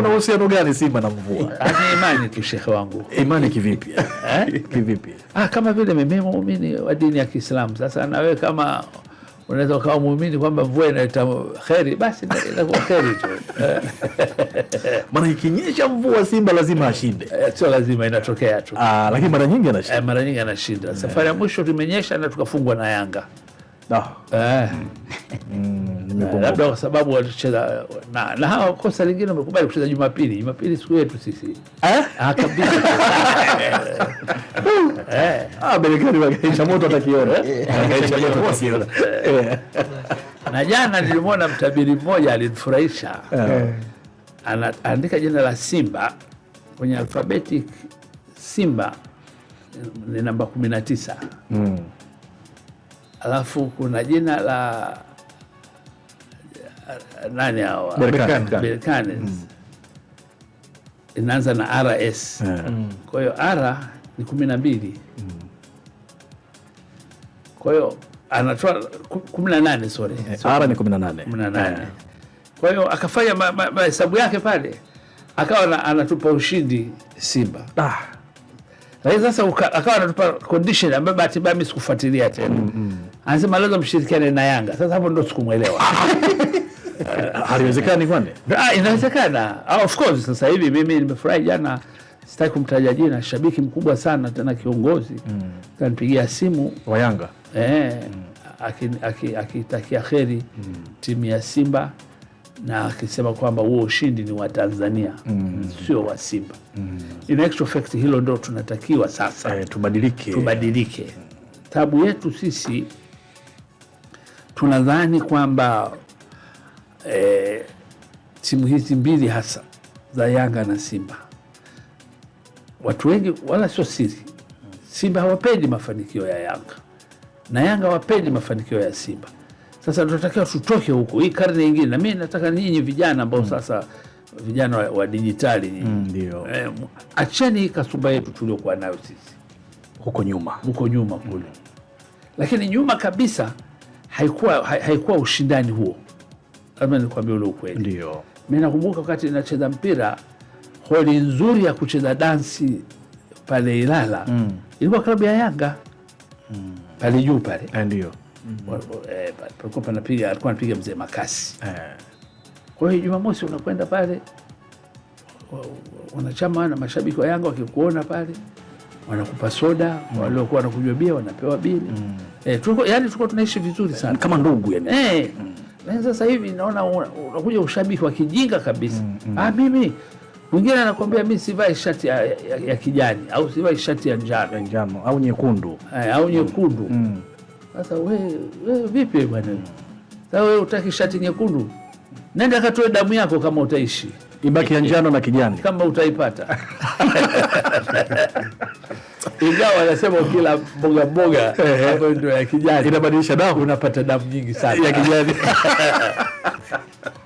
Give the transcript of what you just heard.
una uhusiano gani Simba na mvua? Ni eh, imani tu shekhe wangu. Imani kivipi? Eh? Kivipi? Ah, kama vile mimi muumini wa dini ya Kiislamu. Sasa na wewe kama unaweza ukawa muumini kwamba mvua inaleta kheri, basi inakuwa kheri tu. Maana ikinyesha mvua Simba lazima ashinde, eh, sio lazima, inatokea tu, Ah, lakini mara nyingi anashinda, mara nyingi anashinda. Safari ya mwisho tumenyesha na tukafungwa na Yanga. Ah. Eh. Mm labda kwa sababu walicheza na, na hao kosa lingine wamekubali kucheza Jumapili. Jumapili siku yetu sisi eh, ah kabisa eh, ah wakaisha moto atakiona eh. eh. Na jana nilimwona mtabiri mmoja alinifurahisha, eh. anaandika jina la Simba kwenye alfabeti Simba ni namba 19 mm. Alafu kuna jina la nani hawa Berkane mm. inaanza na RS mm. Eh. kwa hiyo R ni kumi na mbili mm. kwa hiyo anatoa kumi na nane sorry, eh, R ni kumi na nane eh. kwa hiyo akafanya mahesabu yake pale akawa anatupa ushindi Simba ah. Lakini sasa akawa anatupa condition ambayo bahati mbaya mimi sikufuatilia tena mm -hmm. Anasema lazima mshirikiane na Yanga. Sasa hapo ndo sikumwelewa haliwezekani kwani? Ah, inawezekana ah, of course. Sasa hivi mimi nimefurahi jana, sitaki kumtaja jina, shabiki mkubwa sana tena kiongozi mm. kanipigia simu wa Yanga eh, mm. akitakia kheri mm. timu ya Simba na akisema kwamba huo ushindi ni wa Tanzania mm. sio wa Simba mm. in actual fact hilo ndo tunatakiwa sasa eh, tubadilike, tubadilike. Tabu yetu sisi tunadhani kwamba eh, timu hizi mbili hasa za Yanga na Simba, watu wengi wala sio siri, Simba hawapendi mafanikio ya Yanga na Yanga hawapendi mafanikio ya Simba. Sasa tunatakiwa tutoke huko, hii karne ingine na mi nataka ninyi vijana ambao hmm. sasa vijana wa, wa dijitali hmm, ndio mm, eh, acheni hii kasumba yetu tuliokuwa nayo sisi huko nyuma, huko nyuma kule mm. Lakini nyuma kabisa haikuwa haikuwa ushindani huo kama nilikwambia ule ukweli. Ndio. Mimi nakumbuka wakati nacheza mpira, holi nzuri ya kucheza dansi pale Ilala mm. ilikuwa klabu ya Yanga mm. pale juu pale, eh, ndio mm-hmm. eh, palikuwa panapiga, alikuwa anapiga mzee Makasi. Eh. Kwa hiyo Jumamosi unakwenda pale, wanachama na mashabiki wa Yanga wakikuona pale wanakupa soda mm. waliokuwa wanakujua bia wanapewa bili mm. E, yani tulikuwa tunaishi vizuri sana kama ndugu yani. E, mm sasa hivi naona unakuja ushabiki wa kijinga kabisa. mm, mm. Ah, mimi mwingine anakwambia mi sivai shati ya, ya, ya kijani au sivai shati ya njano njano au nyekundu Ay, eh, au mm. nyekundu mm. mm. we, we vipi bwana? Mm. Sasa we utaki shati nyekundu, nenda katoe damu yako kama utaishi ibaki ya njano na kijani kama utaipata ingawa wanasema ukila mboga mboga ambayo ndio ya kijani inabadilisha damu, unapata damu nyingi sana ya kijani